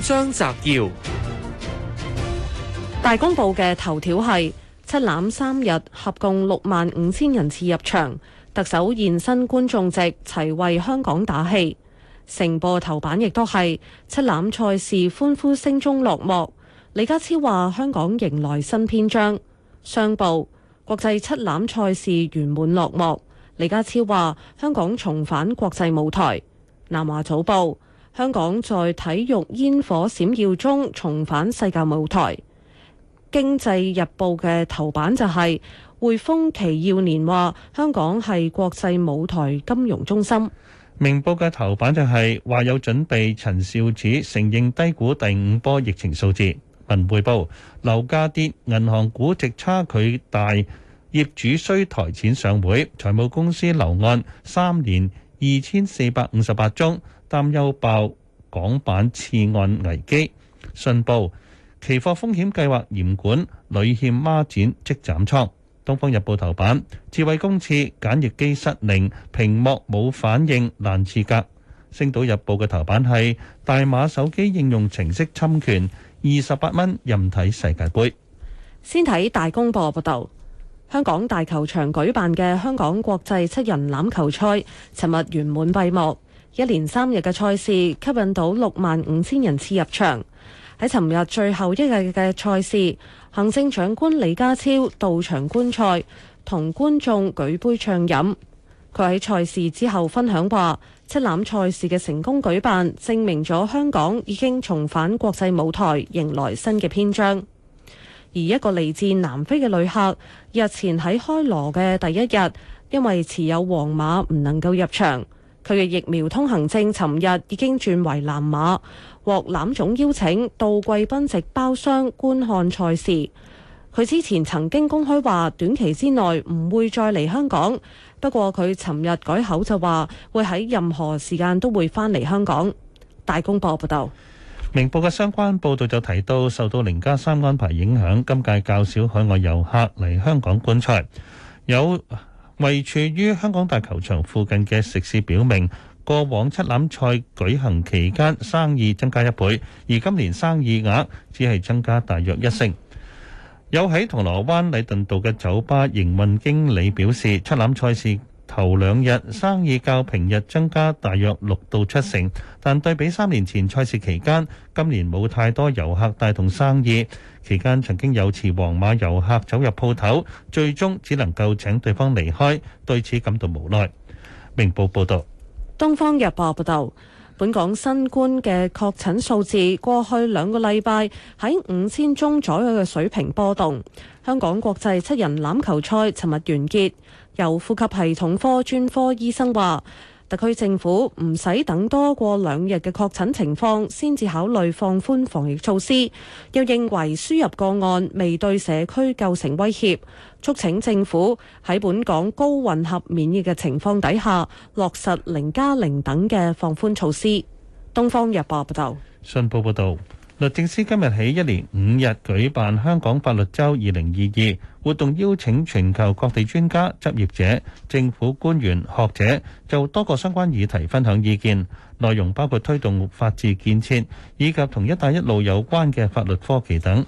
張澤堯，大公報嘅頭條係七欖三日合共六萬五千人次入場，特首現身觀眾席，齊為香港打氣。成報頭版亦都係七欖賽事歡呼聲中落幕，李家超話香港迎來新篇章。商報國際七欖賽事圓滿落幕，李家超話香港重返國際舞台。南華早報。香港在體育煙火閃耀中重返世界舞台。經濟日報嘅頭版就係匯豐祁耀年話：香港係國際舞台金融中心。明報嘅頭版就係、是、話有準備。陳肇始承認低估第五波疫情數字。文匯報，樓價跌，銀行估值差距大，業主需抬錢上會。財務公司留案三年，二千四百五十八宗。擔憂爆港版次按危機，信報期貨風險計劃嚴管，女欠孖展即斬倉。《東方日報》頭版智慧公廁簡易機失靈，屏幕冇反應，難次格。《星島日報》嘅頭版係大馬手機應用程式侵權，二十八蚊任睇世界盃。先睇大公報報道：香港大球場舉辦嘅香港國際七人欖球賽，尋日圓滿閉幕。一連三日嘅賽事吸引到六萬五千人次入場。喺尋日最後一日嘅賽事，行政長官李家超到場觀賽，同觀眾舉杯暢飲。佢喺賽事之後分享話，七欖賽事嘅成功舉辦，證明咗香港已經重返國際舞台，迎來新嘅篇章。而一個嚟自南非嘅旅客，日前喺開羅嘅第一日，因為持有黃碼唔能夠入場。佢嘅疫苗通行證尋日已經轉為藍碼，獲攬總邀請到貴賓席包廂觀看賽事。佢之前曾經公開話短期之內唔會再嚟香港，不過佢尋日改口就話會喺任何時間都會返嚟香港。大公報報道，明報嘅相關報道就提到，受到零加三安排影響，今屆較少海外遊客嚟香港觀賽。有。位處於香港大球場附近嘅食肆表明，過往七欖賽舉行期間生意增加一倍，而今年生意額只係增加大約一成。有喺銅鑼灣禮頓道嘅酒吧營運經理表示，七欖賽事。頭兩日生意較平日增加大約六到七成，但對比三年前賽事期間，今年冇太多遊客帶動生意。期間曾經有次皇馬遊客走入鋪頭，最終只能夠請對方離開，對此感到無奈。明報報道，東方日報報道。本港新冠嘅確診數字過去兩個禮拜喺五千宗左右嘅水平波動。香港國際七人欖球賽尋日完結，由呼吸系統科專科醫生話。特區政府唔使等多過兩日嘅確診情況先至考慮放寬防疫措施，又認為輸入個案未對社區構成威脅，促請政府喺本港高混合免疫嘅情況底下落實零加零等嘅放寬措施。東方日報報報道，信報報道。律政司今日起一連五日舉辦香港法律周二零二二活動，邀請全球各地專家、執業者、政府官員、學者就多個相關議題分享意見，內容包括推動法治建設以及同「一帶一路」有關嘅法律科技等。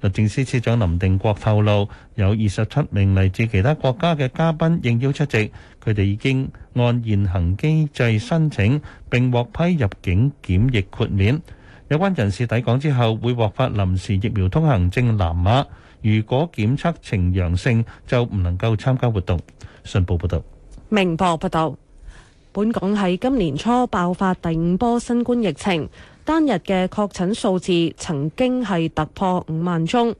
律政司司長林定國透露，有二十七名嚟自其他國家嘅嘉賓應邀出席，佢哋已經按現行機制申請並獲批入境檢疫豁免。有關人士抵港之後，會獲發臨時疫苗通行證藍碼。如果檢測呈陽性，就唔能夠參加活動。信報報導。明報報道：本港喺今年初爆發第五波新冠疫情，單日嘅確診數字曾經係突破五萬宗，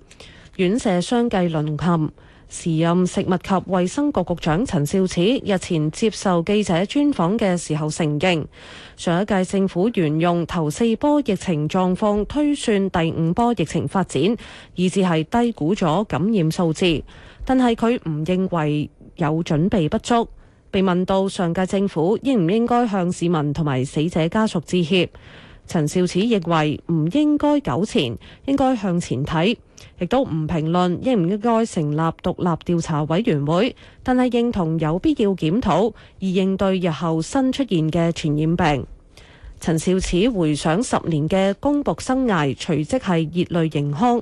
院舍相繼淪陷。時任食物及衛生局局長陳肇始日前接受記者專訪嘅時候承認，上一屆政府沿用頭四波疫情狀況推算第五波疫情發展，以至係低估咗感染數字。但係佢唔認為有準備不足。被問到上屆政府應唔應該向市民同埋死者家屬致歉？陳肇始認為唔應該糾纏，應該向前睇，亦都唔評論應唔應該成立獨立調查委員會，但係認同有必要檢討而應對日後新出現嘅傳染病。陳肇始回想十年嘅公僕生涯，隨即係熱淚盈眶。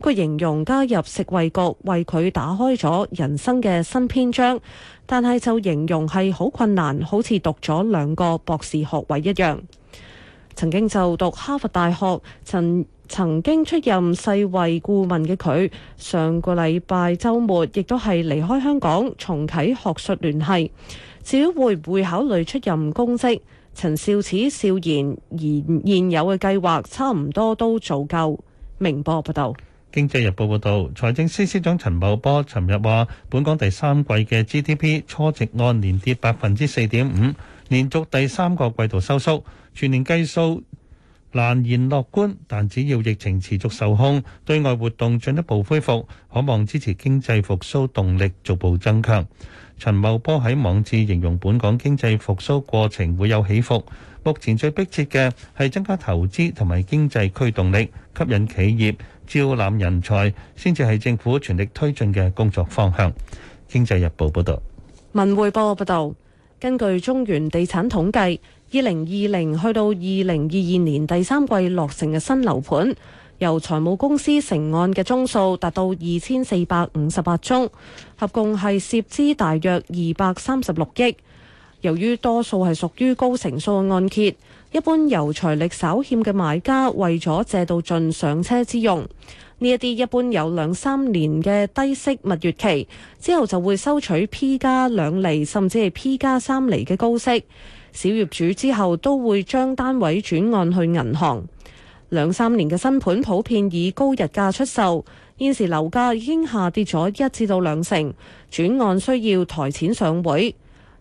佢形容加入食衛局為佢打開咗人生嘅新篇章，但係就形容係好困難，好似讀咗兩個博士學位一樣。曾經就讀哈佛大學，曾曾經出任世衛顧問嘅佢，上個禮拜周末亦都係離開香港，重啟學術聯繫。至於會唔會考慮出任公職，陳肇始笑言，而現有嘅計劃差唔多都做夠。明報報道，《經濟日報》報道，財政司司長陳茂波尋日話，本港第三季嘅 GDP 初值按年跌百分之四點五，連續第三個季度收縮。全年計數難言樂觀，但只要疫情持續受控，對外活動進一步恢復，可望支持經濟復甦動力逐步增強。陳茂波喺網誌形容，本港經濟復甦過程會有起伏，目前最迫切嘅係增加投資同埋經濟驅動力，吸引企業、招攬人才，先至係政府全力推進嘅工作方向。經濟日報報道，文匯報報道，根據中原地產統計。二零二零去到二零二二年第三季落成嘅新樓盤，由財務公司承按嘅宗數達到二千四百五十八宗，合共係涉資大約二百三十六億。由於多數係屬於高成數嘅按揭，一般由財力稍欠嘅買家為咗借到盡上車之用，呢一啲一般有兩三年嘅低息蜜月期，之後就會收取 P 加兩厘甚至係 P 加三厘嘅高息。小業主之後都會將單位轉按去銀行，兩三年嘅新盤普遍以高日價出售，現時樓價已經下跌咗一至到兩成，轉按需要抬錢上位。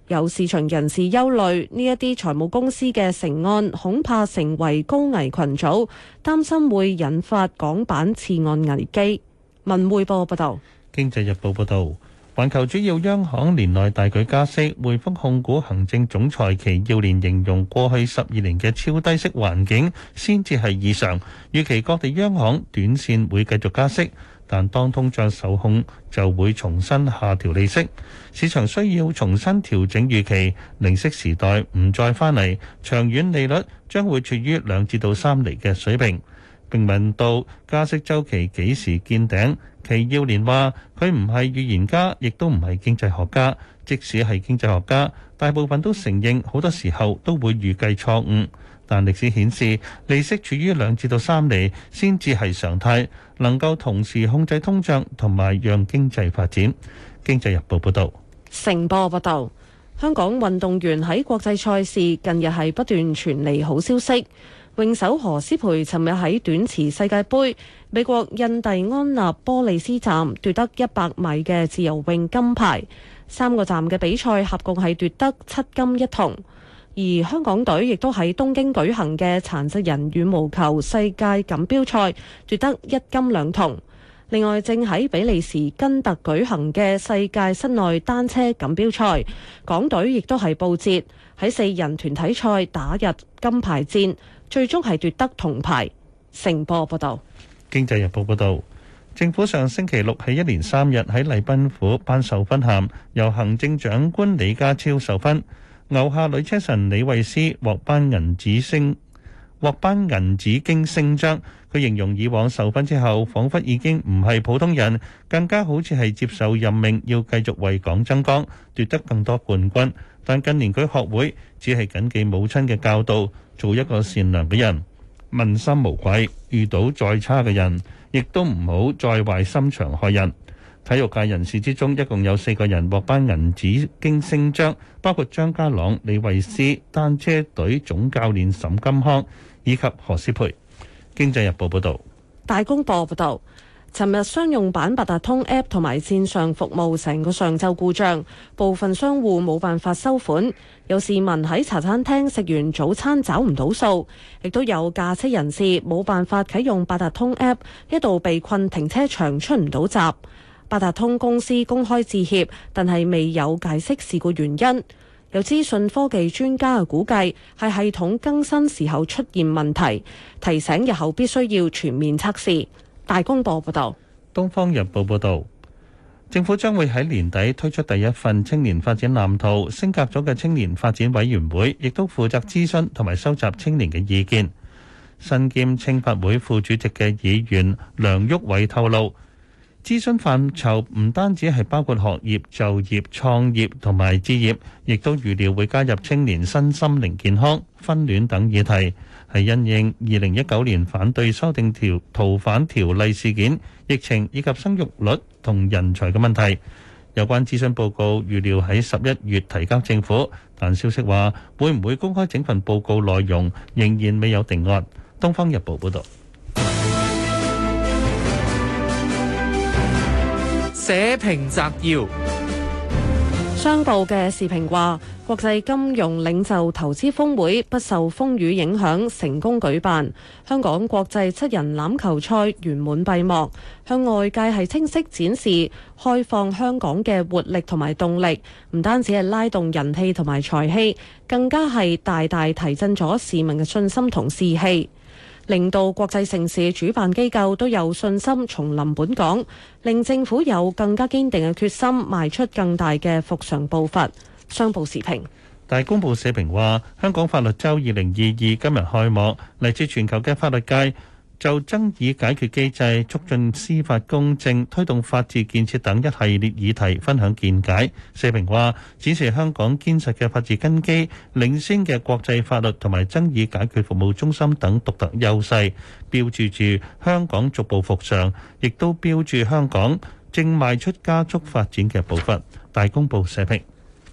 有市場人士憂慮呢一啲財務公司嘅成案恐怕成為高危群組，擔心會引發港版次按危機。文匯報報道。《經濟日報》報道。環球主要央行年內大舉加息，匯豐控股行政總裁祁耀年形容過去十二年嘅超低息環境先至係異常，預期各地央行短線會繼續加息，但當通脹受控就會重新下調利息。市場需要重新調整預期，零息時代唔再返嚟，長遠利率將會處於兩至到三厘嘅水平。被問到加息周期幾時見頂，祁耀廉話，佢唔係預言家，亦都唔係經濟學家。即使係經濟學家，大部分都承認好多時候都會預計錯誤，但歷史顯示，利息處於兩至到三釐先至係常態，能夠同時控制通脹同埋讓經濟發展。經濟日報報道，成播報道，香港運動員喺國際賽事近日係不斷傳嚟好消息。泳手何詩蓓尋日喺短池世界杯美國印第安納波利斯站奪得一百米嘅自由泳金牌，三個站嘅比賽合共係奪得七金一銅。而香港隊亦都喺東京舉行嘅殘疾人羽毛球世界錦標賽奪得一金兩銅。另外，正喺比利時根特舉行嘅世界室內單車錦標賽，港隊亦都係報捷，喺四人團體賽打入金牌戰。最終係奪得銅牌。成播報道，《經濟日報》報道，政府上星期六喺一連三日喺禮賓府頒授勳銜，由行政長官李家超授勳，牛下女車神李慧詩獲頒銀紫星，獲頒銀紫荊星章。佢形容以往授勳之後，仿佛已經唔係普通人，更加好似係接受任命，要繼續為港爭光，奪得更多冠軍。但近年佢學會只係謹記母親嘅教導，做一個善良嘅人，問心無愧。遇到再差嘅人，亦都唔好再壞心腸害人。體育界人士之中，一共有四個人獲頒銀紫荊星章，包括張家朗、李慧詩、單車隊總教練沈金康以及何詩蓓。經濟日報報道，大公報報道。尋日商用版八達通 App 同埋線上服務成個上晝故障，部分商戶冇辦法收款，有市民喺茶餐廳食完早餐找唔到數，亦都有駕車人士冇辦法啟用八達通 App，一度被困停車場出唔到閘。八達通公司公開致歉，但係未有解釋事故原因。有資訊科技專家嘅估計係系統更新時候出現問題，提醒日後必須要全面測試。大公報報道，東方日報報道，政府將會喺年底推出第一份青年發展藍圖，升格咗嘅青年發展委員會亦都負責諮詢同埋收集青年嘅意見。身兼青發會副主席嘅議員梁毓偉透露，諮詢範疇唔單止係包括學業、就業、創業同埋置業，亦都預料會加入青年身心靈健康、婚戀等議題。係因應二零一九年反對修訂條逃犯條例事件、疫情以及生育率同人才嘅問題，有關諮詢報告預料喺十一月提交政府，但消息話會唔會公開整份報告內容仍然未有定案。東方日報報道，社評摘要。商報嘅視頻話：國際金融領袖投資峰會不受風雨影響，成功舉辦；香港國際七人欖球賽圓滿閉幕，向外界係清晰展示開放香港嘅活力同埋動力。唔單止係拉動人氣同埋財氣，更加係大大提振咗市民嘅信心同士氣。令到國際城市主辦機構都有信心重臨本港，令政府有更加堅定嘅決心，邁出更大嘅復常步伐。商報時評，大公報社評話，香港法律周二零二二今日開幕，嚟自全球嘅法律界，就爭議解決機制、促進司法公正、推動法治建設等一系列議題，分享見解。社評話，展示香港堅實嘅法治根基、領先嘅國際法律同埋爭議解決服務中心等獨特優勢，標註住香港逐步復常，亦都標註香港正邁出加速發展嘅步伐。大公報社評。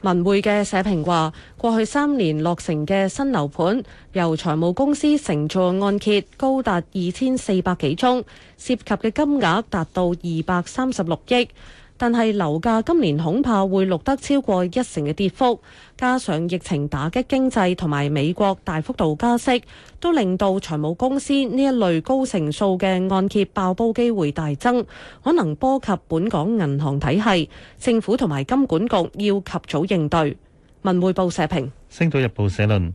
文匯嘅社評話：過去三年落成嘅新樓盤，由財務公司承做按揭，高達二千四百幾宗，涉及嘅金額達到二百三十六億。但係樓價今年恐怕會錄得超過一成嘅跌幅，加上疫情打擊經濟同埋美國大幅度加息，都令到財務公司呢一類高成數嘅按揭爆煲機會大增，可能波及本港銀行體系，政府同埋金管局要及早應對。文匯報社評，《星島日報》社論。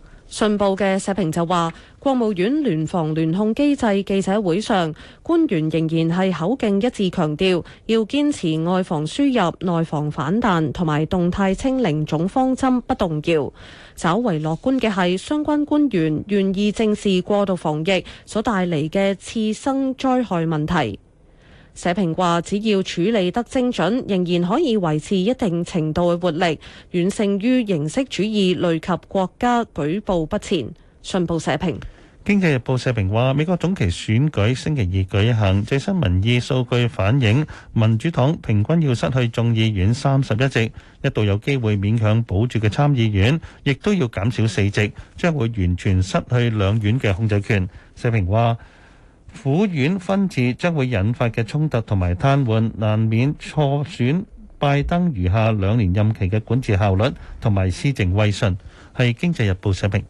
信報嘅社評就話，國務院聯防聯控機制記者會上，官員仍然係口徑一致強調，要堅持外防輸入、內防反彈同埋動態清零總方針不動搖。稍為樂觀嘅係，相關官員願意正視過度防疫所帶嚟嘅次生災害問題。社評話，只要處理得精準，仍然可以維持一定程度嘅活力，遠勝於形式主義累及國家舉步不前。信報社評，《經濟日報》社評話，美國中期選舉星期二舉行，最新民意數據反映民主黨平均要失去眾議院三十一席，一度有機會勉強保住嘅參議院，亦都要減少四席，將會完全失去兩院嘅控制權。社評話。府院分治將會引發嘅衝突同埋癱瘓，難免錯損拜登餘下兩年任期嘅管治效率同埋施政威信，係經濟日報社評。